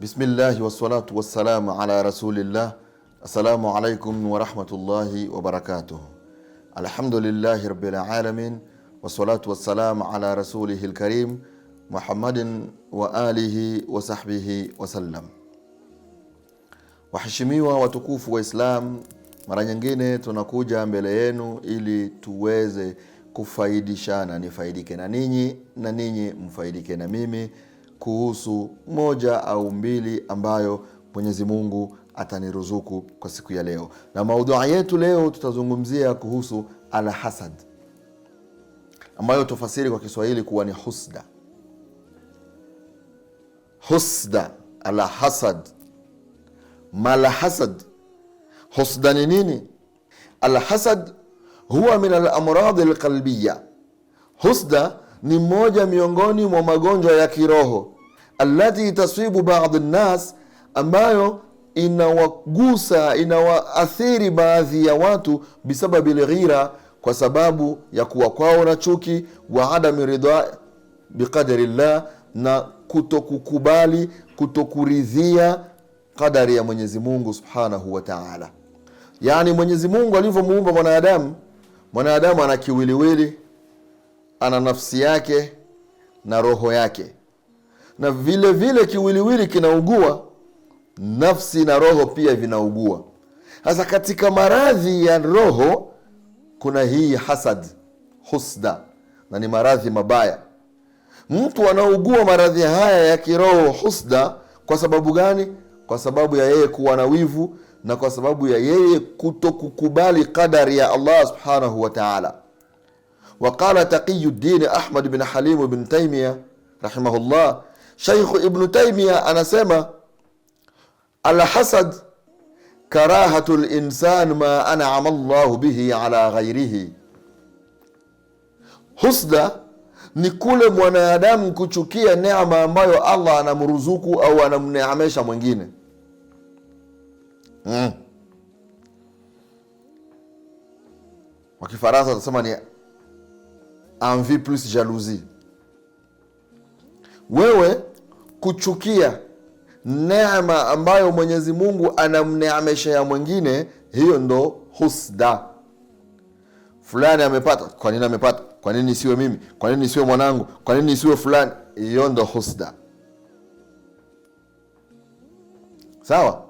Bismillahi wassalatu wassalamu ala rasulillah. Assalamu alaikum warahmatullahi wabarakatuh. Alhamdulillahi rabilalamin alamin wassalatu wassalamu ala rasulihi lkarim Muhammadin wa alihi wa wasallam. Waheshimiwa watukufu wa Islam, mara nyingine tunakuja mbele yenu ili tuweze kufaidishana, nifaidike na ninyi na ninyi mfaidike na mimi kuhusu moja au mbili ambayo Mwenyezi Mungu ataniruzuku kwa siku ya leo. Na maudhui yetu leo tutazungumzia kuhusu alhasad, ambayo tufasiri kwa Kiswahili kuwa ni husda. Husda, alhasad, malhasad. Husda ni nini? Alhasad huwa min alamradi alqalbiya. Husda ni mmoja miongoni mwa magonjwa ya kiroho alati taswibu badi nnas, ambayo inawagusa inawaathiri baadhi ya watu bisababi lghira, kwa sababu ya kuwa kwao na chuki, wa adami ridha biqadari llah, na kutokukubali kutokuridhia qadari ya Mwenyezi Mungu subhanahu wa taala. Yani Mwenyezi Mungu alivyomuumba mwanadamu, mwanadamu ana kiwiliwili ana nafsi yake na roho yake, na vile vile kiwiliwili kinaugua, nafsi na roho pia vinaugua. Sasa katika maradhi ya roho kuna hii hasad, husda, na ni maradhi mabaya. Mtu anaugua maradhi haya ya kiroho, husda, kwa sababu gani? Kwa sababu ya yeye kuwa na wivu na kwa sababu ya yeye kutokukubali qadari ya Allah subhanahu wataala Waqala Taqiyuddin Ahmad bin Halimu bin Taimia rahimahullah, Shaikhu Ibnu Taimia anasema alhasad karahatu linsan ma anama llahu bihi ala ghairihi, husda ni kule mwanadamu kuchukia neema ambayo Allah anamruzuku au anamneemesha mwingine mm. Kwa Kifaransa ni envie plus jalousie. Wewe kuchukia neema ambayo Mwenyezi Mungu anamneamesha ya mwingine, hiyo ndo husda. Fulani amepata, kwa nini amepata? Kwa nini isiwe mimi? Kwa nini isiwe mwanangu? Kwa nini isiwe fulani? Hiyo ndo husda. Sawa,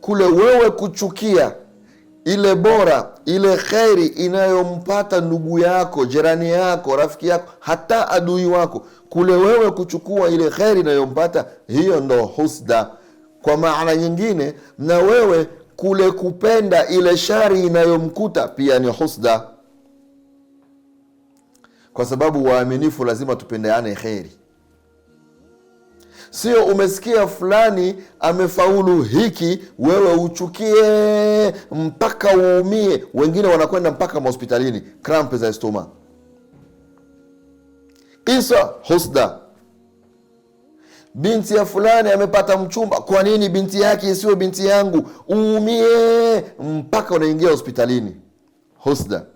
kule wewe kuchukia ile bora, ile kheri inayompata ndugu yako, jirani yako, rafiki yako, hata adui wako, kule wewe kuchukua ile kheri inayompata hiyo, ndo husda. Kwa maana nyingine, na wewe kule kupenda ile shari inayomkuta pia ni husda, kwa sababu waaminifu lazima tupendeane kheri Sio umesikia fulani amefaulu hiki, wewe uchukie mpaka uumie. Wengine wanakwenda mpaka mahospitalini, krampe za stoma. Isa husda binti ya fulani amepata mchumba. Kwa nini binti yake isiyo binti yangu? Uumie mpaka unaingia hospitalini, husda.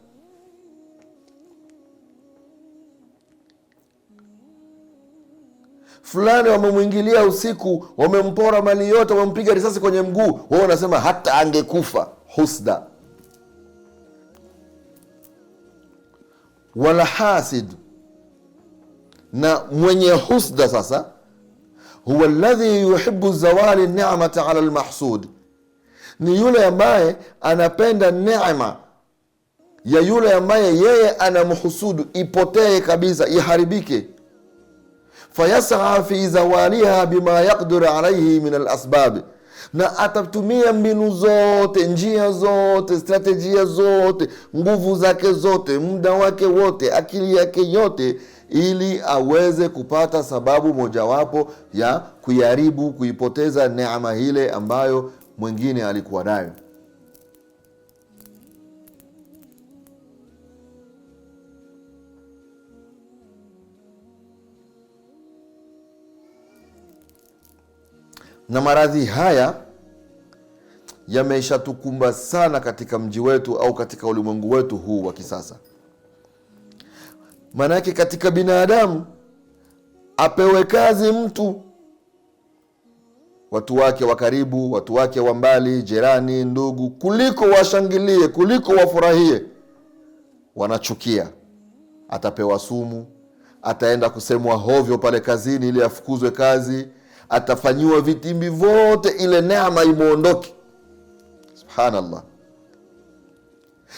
fulani wamemwingilia usiku, wamempora mali yote, wamempiga risasi kwenye mguu, wao wanasema hata angekufa husda. Wala hasid, na mwenye husda sasa huwa ladhi yuhibu zawali nemata ala lmahsud, ni yule ambaye anapenda nema ya yule ambaye yeye anamhusudu ipotee kabisa, iharibike fayasaa fi zawaliha bima yakdur alaihi min alasbabi, na atatumia mbinu zote, njia zote, stratejia zote, nguvu zake zote, muda wake wote, akili yake yote ili aweze kupata sababu mojawapo ya kuiharibu, kuipoteza neema ile ambayo mwingine alikuwa nayo. na maradhi haya yameshatukumba sana katika mji wetu au katika ulimwengu wetu huu wa kisasa. Maana yake katika binadamu apewe kazi mtu, watu wake wa karibu, watu wake wa mbali, jirani, ndugu, kuliko washangilie, kuliko wafurahie, wanachukia. Atapewa sumu, ataenda kusemwa hovyo pale kazini ili afukuzwe kazi atafanyiwa vitimbi vyote, ile neema imwondoke. Subhanallah.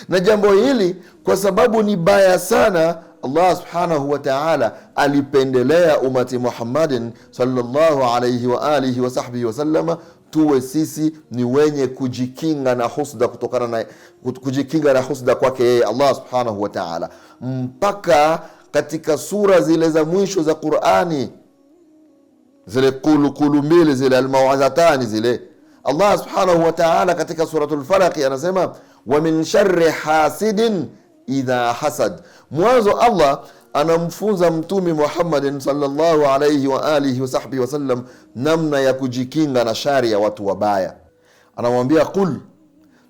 Na jambo hili kwa sababu ni baya sana, Allah subhanahu wa ta'ala alipendelea umati Muhammadin sallallahu alaihi wa alihi wa sahbihi wasallama tuwe sisi ni wenye kujikinga na husda, kutokana na kujikinga na husda kwake yeye Allah subhanahu wa ta'ala, mpaka katika sura zile za mwisho za Qur'ani zile kulukulu mbili zile almawazatani zile. Allah subhanahu wa katika Suratul Falaqi anasema wa min sharri hasidin idha hasad. Mwanzo Allah anamfunza mtumi Muhammadin sallallahu alayhi wa alihi wasallam namna ya kujikinga na shari ya watu wabaya. Anamwambia qul,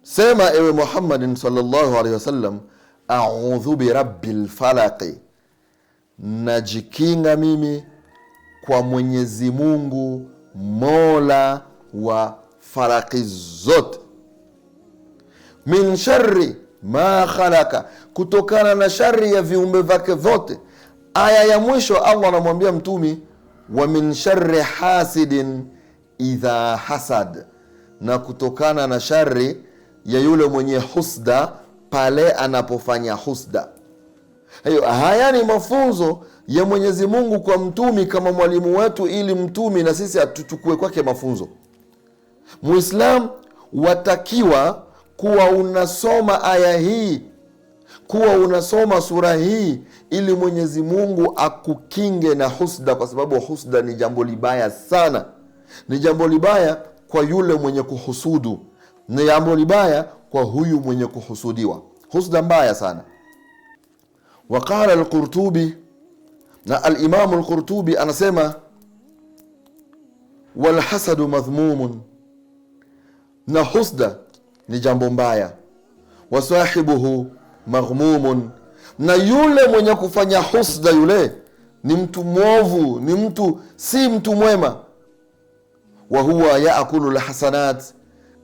sema ewe Muhammadin sallallahu alayhi wasallam, a'udhu bi rabbil falaqi, najikinga mimi kwa Mwenyezi Mungu mola wa faraki zote, min shari ma khalaka, kutokana na shari ya viumbe vyake vyote. Aya ya mwisho Allah anamwambia Mtumi, wa min shari hasidin idha hasad, na kutokana na shari ya yule mwenye husda pale anapofanya husda. Hayo haya ni mafunzo ya Mwenyezi Mungu kwa mtumi kama mwalimu wetu, ili mtumi na sisi atuchukue kwake mafunzo. Muislam watakiwa kuwa unasoma aya hii, kuwa unasoma sura hii, ili Mwenyezi Mungu akukinge na husda, kwa sababu husda ni jambo libaya sana, ni jambo libaya kwa yule mwenye kuhusudu, ni jambo libaya kwa huyu mwenye kuhusudiwa, husda mbaya sana. Waqala Alqurtubi na Alimamu Lqurtubi anasema walhasadu madhmumun, na husda ni jambo mbaya. Wasahibuhu maghmumun, na yule mwenye kufanya husda yule ni mtu mwovu, ni mtu si mtu mwema. Wa huwa yakulu lhasanat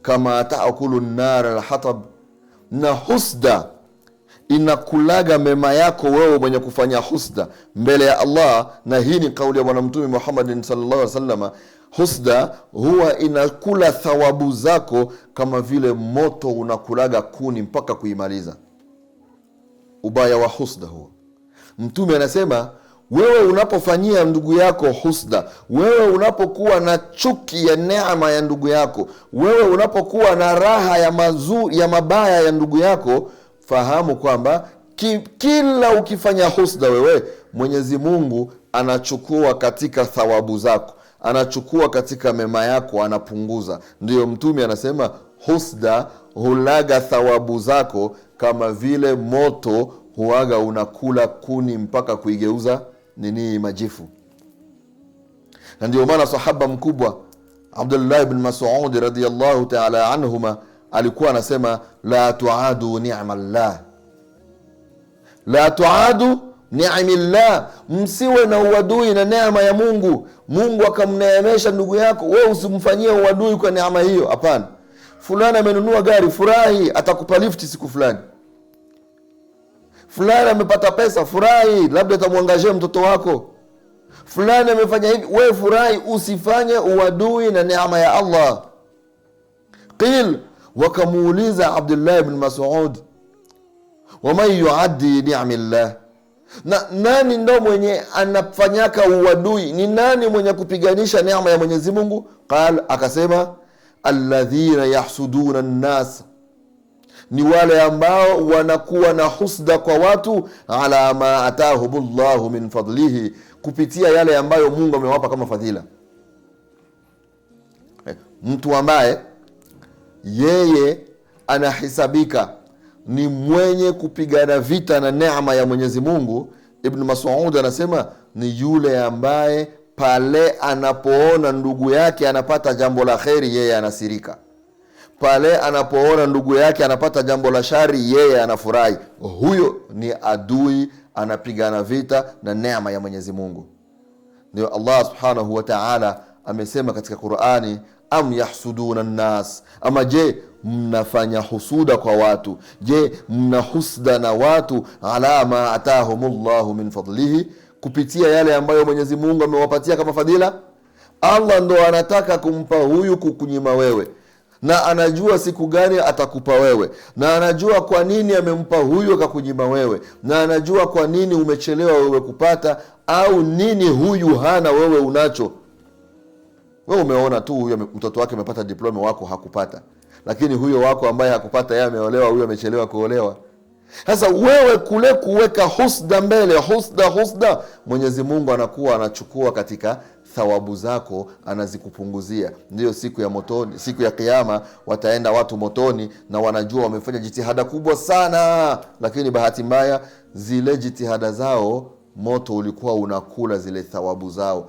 kama takulu nar lhatab, na husda inakulaga mema yako wewe mwenye kufanya husda mbele ya Allah, na hii ni kauli ya Bwana Muhammadin sallallahu alaihi Husda huwa inakula thawabu zako kama vile moto unakulaga kuni mpaka kuimaliza. Ubaya wa husda huo, Mtume anasema wewe unapofanyia ndugu yako husda, wewe unapokuwa na chuki ya neema ya ndugu yako, wewe unapokuwa na raha ya mazu ya mabaya ya ndugu yako fahamu kwamba ki, kila ukifanya husda wewe Mwenyezi Mungu anachukua katika thawabu zako, anachukua katika mema yako, anapunguza. Ndiyo mtumi anasema husda hulaga thawabu zako kama vile moto huaga unakula kuni mpaka kuigeuza nini majifu. Na ndio maana sahaba mkubwa Abdullahi bin Masudi radillahu taala anhuma alikuwa anasema la tuadu nima llah, la tuadu llah, msiwe na uadui na neema ya Mungu. Mungu akamneemesha ndugu yako, we usimfanyie uadui kwa neema hiyo. Hapana, fulani amenunua gari, furahi, atakupa lifti siku fulani. Fulani amepata pesa, furahi, labda atamwangazie mtoto wako. Fulani amefanya hivi, we furahi, usifanye uadui na neema ya Allah. qil wakamuuliza Abdullahi bni Masud, waman yuaddi nimi llah, na nani ndo mwenye anafanyaka uadui? Ni nani mwenye kupiganisha neema ya Mwenyezi Mungu? Qal, akasema alladhina yahsuduna nnas ni wale ambao wanakuwa na husda kwa watu, ala ma atahum llahu min fadlihi, kupitia yale ambayo Mungu amewapa kama fadhila. Eh, mtu ambaye yeye anahesabika ni mwenye kupigana vita na neema ya Mwenyezi Mungu. Ibnu Masud anasema ni yule ambaye pale anapoona ndugu yake anapata jambo la kheri, yeye anasirika pale anapoona ndugu yake anapata jambo la shari, yeye anafurahi. Huyo ni adui anapigana vita na neema ya Mwenyezi Mungu. Ndio Allah subhanahu wa taala amesema katika Qurani am yahsuduna nnas, ama je mnafanya husuda kwa watu? Je, mna husda na watu? ala ma atahum llahu min fadlihi, kupitia yale ambayo Mwenyezi Mungu amewapatia kama fadhila. Allah ndo anataka kumpa huyu kukunyima wewe, na anajua siku gani atakupa wewe, na anajua kwa nini amempa huyu akakunyima wewe, na anajua kwa nini umechelewa wewe kupata, au nini huyu hana wewe unacho We umeona tu huyo mtoto wake amepata diploma, wako hakupata, lakini huyo wako ambaye hakupata yeye ameolewa, huyo amechelewa kuolewa. Sasa wewe kule kuweka husda mbele, husda husda, Mwenyezi Mungu anakuwa anachukua katika thawabu zako anazikupunguzia. Ndiyo siku ya motoni, siku ya Kiama wataenda watu motoni na wanajua wamefanya jitihada kubwa sana, lakini bahati mbaya zile jitihada zao moto ulikuwa unakula zile thawabu zao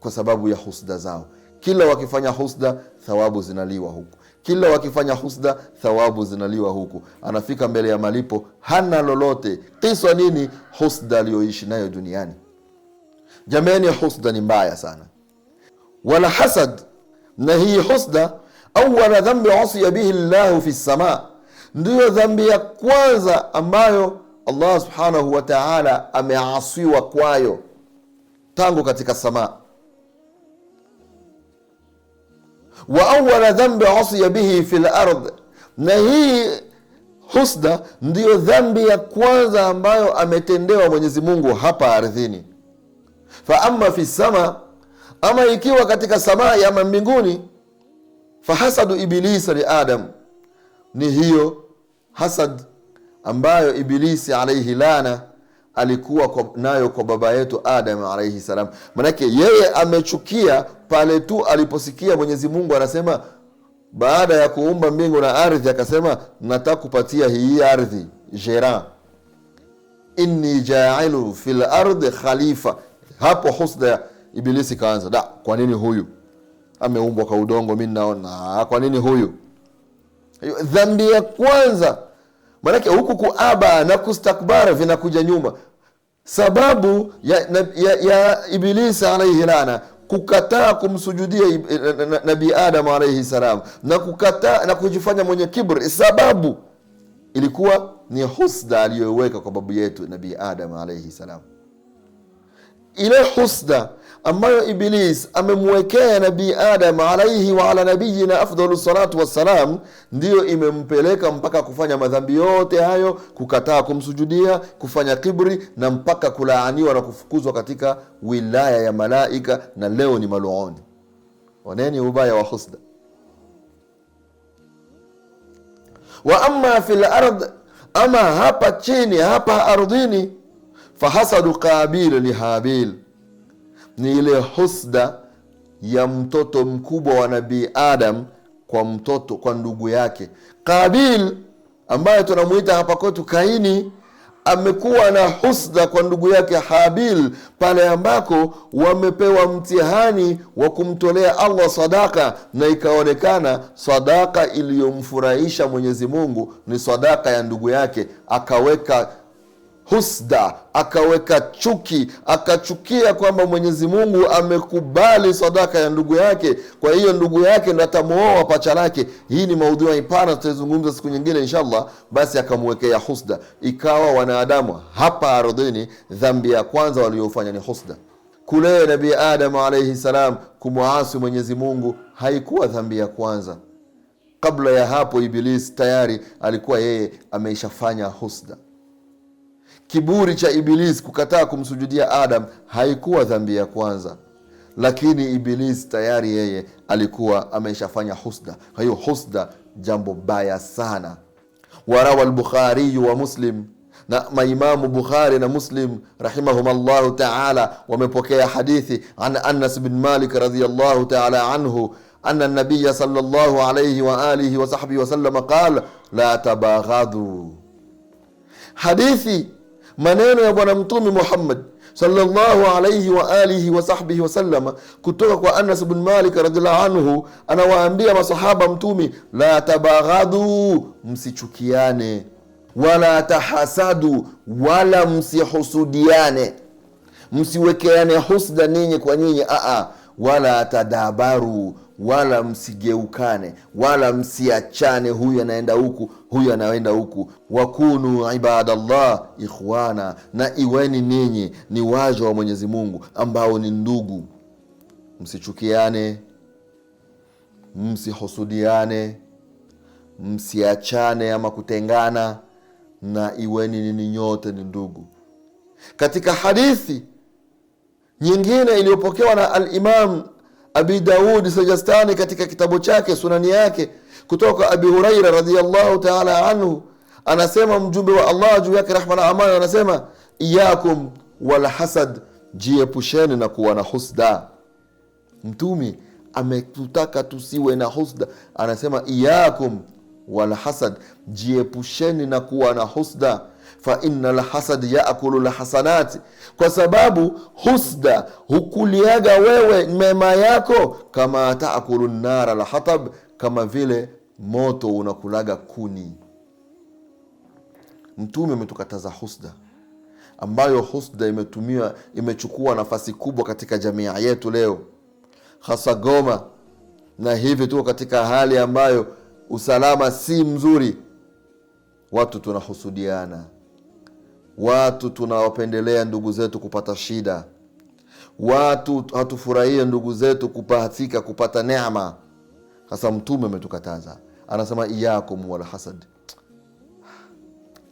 kwa sababu ya husda zao. Kila wakifanya husda thawabu zinaliwa huku, kila wakifanya husda thawabu zinaliwa huku. Anafika mbele ya malipo hana lolote. Kiswa nini? Husda aliyoishi nayo duniani. Jamani, husda ni mbaya sana, wala hasad. Na hii husda awala dhambi usiya bihi llahu fi lsama, ndiyo dhambi ya kwanza ambayo Allah subhanahu wataala ameasiwa kwayo tangu katika samaa wa awala dhambi usiya bihi fi lard na hii husda ndiyo dhambi ya kwanza ambayo ametendewa Mwenyezi Mungu hapa ardhini. Fa amma fi sama, ama ikiwa katika samai ama mbinguni, fahasadu ibilisa li Adam, ni hiyo hasad ambayo Ibilisi alaihi lana alikuwa kwa, nayo kwa baba yetu Adam alaihi salam. Manake yeye amechukia pale tu aliposikia Mwenyezi Mungu anasema baada ya kuumba mbingu na ardhi, akasema nataka kupatia hii ardhi jera, inni jailu fi lardi khalifa. Hapo husda ya Ibilisi kaanza da, kwa nini huyu ameumbwa kwa udongo? Mi naona ah, kwa nini huyu? Dhambi ya kwanza Manake huku kuaba na kustakbara vinakuja nyuma sababu ya, ya, ya Ibilisi alaihi lana kukataa kumsujudia e, Nabii Adamu alaihi salam na kukataa na kujifanya mwenye kibri, sababu ilikuwa ni husda aliyoweka kwa babu yetu Nabii Adamu alaihi salam ile husda ambayo Iblis amemwekea Nabii Adam alaihi wa ala nabiyina afdalu salatu wassalam, ndiyo imempeleka mpaka kufanya madhambi yote hayo, kukataa kumsujudia, kufanya kibri na mpaka kulaaniwa na kufukuzwa katika wilaya ya malaika, na leo ni maluuni. Oneni ubaya wa husda. Wa amma fi lardi, ama hapa chini, hapa ardhini Fahasadu Qabil lihabil ni ile husda ya mtoto mkubwa wa Nabii Adam kwa mtoto kwa ndugu yake Qabil, ambaye tunamwita hapa kwetu Kaini. Amekuwa na husda kwa ndugu yake Habil pale ambako wamepewa mtihani wa kumtolea Allah sadaka, na ikaonekana sadaka iliyomfurahisha Mwenyezi Mungu ni sadaka ya ndugu yake, akaweka husda, akaweka chuki, akachukia kwamba Mwenyezi Mungu amekubali sadaka ya ndugu yake, kwa hiyo ndugu yake ndo atamwoa pacha lake. Hii ni maudhui pana, tutaizungumza siku nyingine inshallah. Basi akamwekea husda, ikawa wanadamu hapa ardhini, dhambi ya kwanza waliofanya ni husda. Kule Nabii Adamu alaihi salam kumwasi Mwenyezi Mungu haikuwa dhambi ya kwanza. Kabla ya hapo, Ibilisi tayari alikuwa yeye ameishafanya husda. Kiburi cha Ibilisi kukataa kumsujudia Adam haikuwa dhambi ya kwanza, lakini Ibilisi tayari yeye alikuwa ameshafanya husda. Kwa hiyo husda, jambo baya sana. Warawa Lbukhariyu wa Muslim, na maimamu Bukhari na Muslim rahimahum llahu taala wamepokea hadithi an Anas bin Malik radhiyallahu taala anhu an nabiya sallallahu alayhi wa alihi wa sahbihi wasalama la tabaghadhu. Hadithi maneno ya Bwana Mtume Muhammad sallallahu alaihi wa alihi wa sahbihi wasallama kutoka kwa Anas bin Malik radhiallahu anhu, anawaambia masahaba Mtume, la tabaghadhu, msichukiane, wala tahasadu, wala msihusudiane, msiwekeane husda ninyi kwa nyinyi, aa, wala tadabaru, wala msigeukane, wala msiachane, huyu anaenda huku huyu anaenda huku, wakunu ibadallah ikhwana, na iweni ninyi ni waja wa Mwenyezi Mungu ambao ni ndugu. Msichukiane, msihusudiane, msiachane ama kutengana, na iweni ninyi nyote ni ndugu. Katika hadithi nyingine iliyopokewa na Alimam Abi Daudi Sajastani katika kitabu chake sunani yake kutoka Abi Huraira radhiyallahu taala anhu, anasema mjumbe wa Allah juu yake rahma na amani, anasema iyakum walhasad, jiepusheni na kuwa na husda. Mtumi ametutaka tusiwe na husda, anasema iyakum walhasad, jiepusheni na kuwa na husda fa inna lhasad yakulu lhasanati, kwa sababu husda hukuliaga wewe mema yako, kama taakulu nara lhatab, kama vile moto unakulaga kuni. Mtume umetukataza husda, ambayo husda imetumia imechukua nafasi kubwa katika jamii yetu leo, hasa Goma, na hivi tuko katika hali ambayo usalama si mzuri. Watu tunahusudiana, watu tunawapendelea ndugu zetu kupata shida, watu hatufurahie ndugu zetu kupatika kupata neema. hasa Mtume ametukataza anasema iyakum walhasad,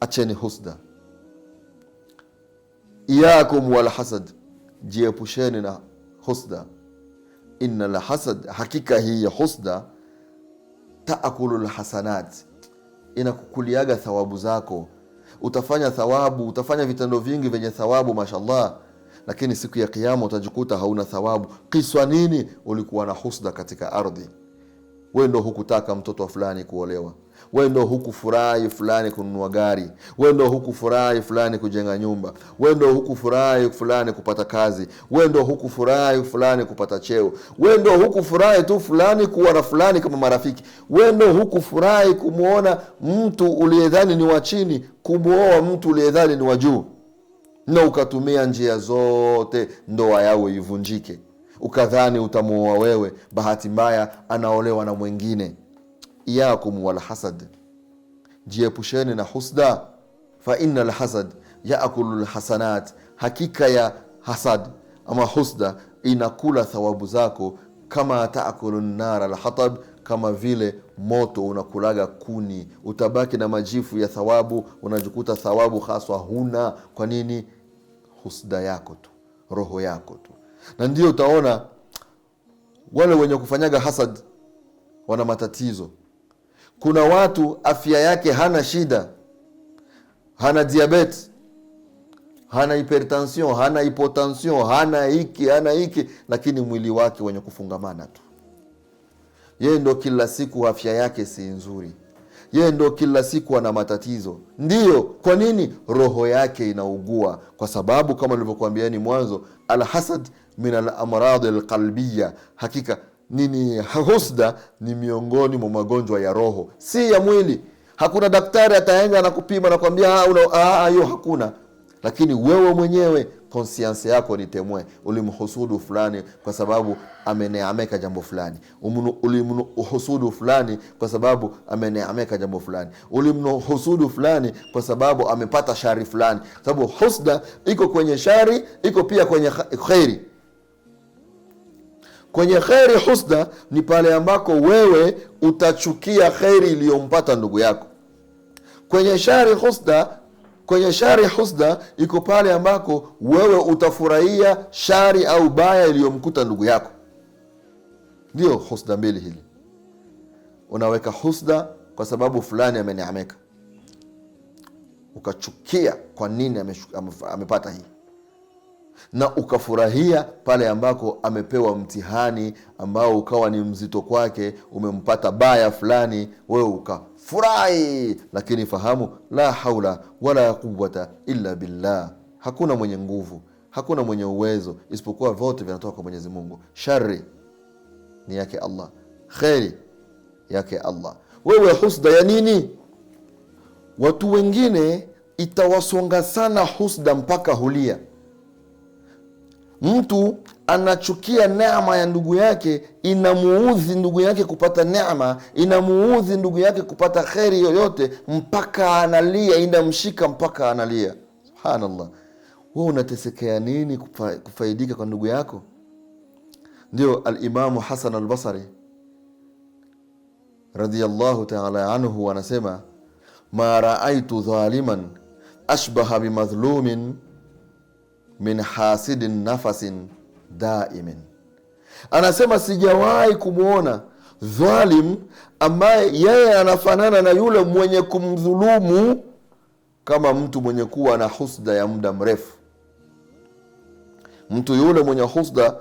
acheni husda. Iyakum walhasad, jiepusheni na husda. Inna lhasad, hakika hii husda, taakulu lhasanat, inakukuliaga thawabu zako. Utafanya thawabu, utafanya vitendo vingi vyenye thawabu, mashallah lakini siku ya kiama utajikuta hauna thawabu. Kiswa nini? Ulikuwa na husda katika ardhi wewe ndo hukutaka mtoto wa fulani kuolewa, wewe ndo hukufurahi fulani kununua gari, wewe ndo hukufurahi fulani kujenga nyumba, wewe ndo hukufurahi fulani kupata kazi, wewe ndo hukufurahi fulani kupata cheo, wewe ndo hukufurahi tu fulani kuwa na fulani kama marafiki, wewe ndo hukufurahi kumwona mtu uliyedhani ni wa chini kumwoa mtu uliyedhani ni wa juu, na ukatumia njia zote ndoa yao ivunjike ukadhani utamuoa wewe, bahati mbaya anaolewa na mwengine. Iyakum walhasad, jiepusheni na husda. Fa inna lhasad yakulu lhasanat, hakika ya hasad ama husda inakula thawabu zako. Kama taakulu nara lhatab, kama vile moto unakulaga kuni. Utabaki na majifu ya thawabu, unajukuta thawabu haswa huna. Kwa nini? Husda yako tu, roho yako tu na ndio utaona wale wenye kufanyaga hasad wana matatizo. Kuna watu afya yake hana shida, hana diabeti, hana hipertension, hana hipotension, hana hiki hana hiki, lakini mwili wake wenye kufungamana tu. Yeye ndo kila siku afya yake si nzuri, yeye ndo kila siku ana matatizo. Ndiyo kwa nini roho yake inaugua? Kwa sababu kama nilivyokuambiani mwanzo, alhasad min alamradi alqalbiya, hakika nini, husda ni miongoni mwa magonjwa ya roho, si ya mwili. Hakuna daktari ataenda na kupima na kuambia ah, ah, ah, hiyo, hakuna. Lakini wewe mwenyewe konsiansi yako ni temwe, ulimhusudu fulani kwa sababu ameneameka jambo fulani, ulimhusudu fulani kwa sababu ameneameka jambo fulani, ulimhusudu fulani kwa sababu amepata shari fulani, kwa sababu husda iko kwenye shari, iko pia kwenye khairi. Kwenye kheri husna ni pale ambako wewe utachukia kheri iliyompata ndugu yako. Kwenye shari husna, kwenye shari husna iko pale ambako wewe utafurahia shari au baya iliyomkuta ndugu yako. Ndiyo husna mbili hili, unaweka husna kwa sababu fulani ameneameka ukachukia kwa nini amepata hii na ukafurahia pale ambako amepewa mtihani ambao ukawa ni mzito kwake, umempata baya fulani, wewe ukafurahi. Lakini fahamu, la haula wala quwata illa billah, hakuna mwenye nguvu, hakuna mwenye uwezo isipokuwa vyote vinatoka kwa Mwenyezi Mungu. Shari ni yake Allah, kheri yake Allah. Wewe husda ya nini? Watu wengine itawasonga sana husda mpaka hulia Mtu anachukia neema ya ndugu yake, inamuudhi ndugu yake kupata neema, inamuudhi ndugu yake kupata kheri yoyote, mpaka analia, inamshika mpaka analia. Subhanallah, wewe unatesekea nini kufaidika kwa ndugu yako? Ndio Alimamu Hasan Albasari radhiyallahu taala anhu anasema, ma raaitu dhaliman ashbaha bimadhlumin min hasidin nafasin daimin, anasema sijawahi kumwona dhalim ambaye yeye anafanana na yule mwenye kumdhulumu kama mtu mwenye kuwa na husda ya muda mrefu. Mtu yule mwenye husda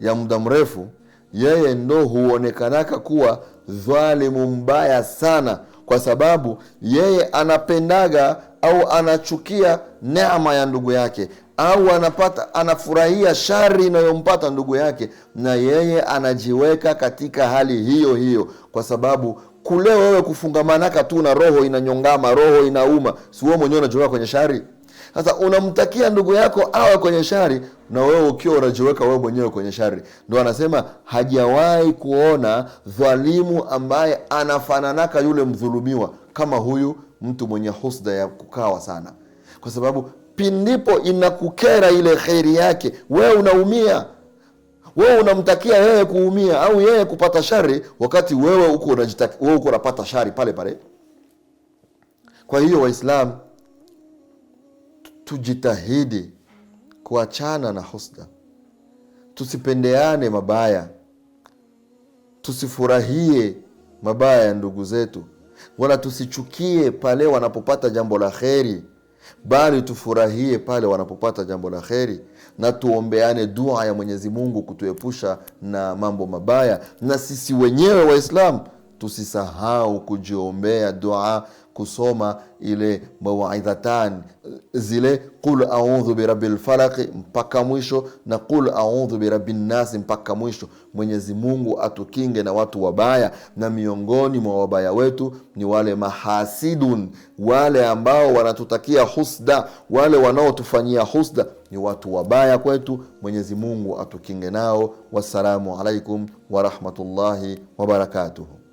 ya muda mrefu, yeye ndo huonekanaka kuwa dhalimu mbaya sana, kwa sababu yeye anapendaga au anachukia neema ya ndugu yake, au anapata anafurahia shari inayompata ndugu yake, na yeye anajiweka katika hali hiyo hiyo, kwa sababu kule wewe kufungamanaka tu na roho inanyongama, roho inauma, si wewe mwenyewe unajiweka kwenye shari. Sasa unamtakia ndugu yako awe kwenye shari, na wewe ukiwa unajiweka wewe mwenyewe kwenye shari. Ndo anasema hajawahi kuona dhalimu ambaye anafananaka yule mdhulumiwa kama huyu mtu mwenye husda ya kukawa sana, kwa sababu pindipo inakukera ile kheri yake, wewe unaumia. Wewe unamtakia yeye kuumia au yeye kupata shari, wakati wewe uko unajitakia wewe uko unapata shari pale pale. Kwa hiyo waislam tujitahidi kuachana na husda, tusipendeane mabaya, tusifurahie mabaya ya ndugu zetu, wala tusichukie pale wanapopata jambo la kheri bali tufurahie pale wanapopata jambo la kheri na tuombeane dua ya Mwenyezi Mungu kutuepusha na mambo mabaya, na sisi wenyewe Waislamu tusisahau kujiombea dua, kusoma ile mawaidhatan zile qul audhu birabi lfalaqi mpaka mwisho na qul audhu birabi nnasi mpaka mwisho. Mwenyezi Mungu atukinge na watu wabaya, na miongoni mwa wabaya wetu ni wale mahasidun, wale ambao wanatutakia husda, wale wanaotufanyia husda ni watu wabaya kwetu. Mwenyezi Mungu atukinge nao. Wassalamu alaikum warahmatullahi wabarakatuhu.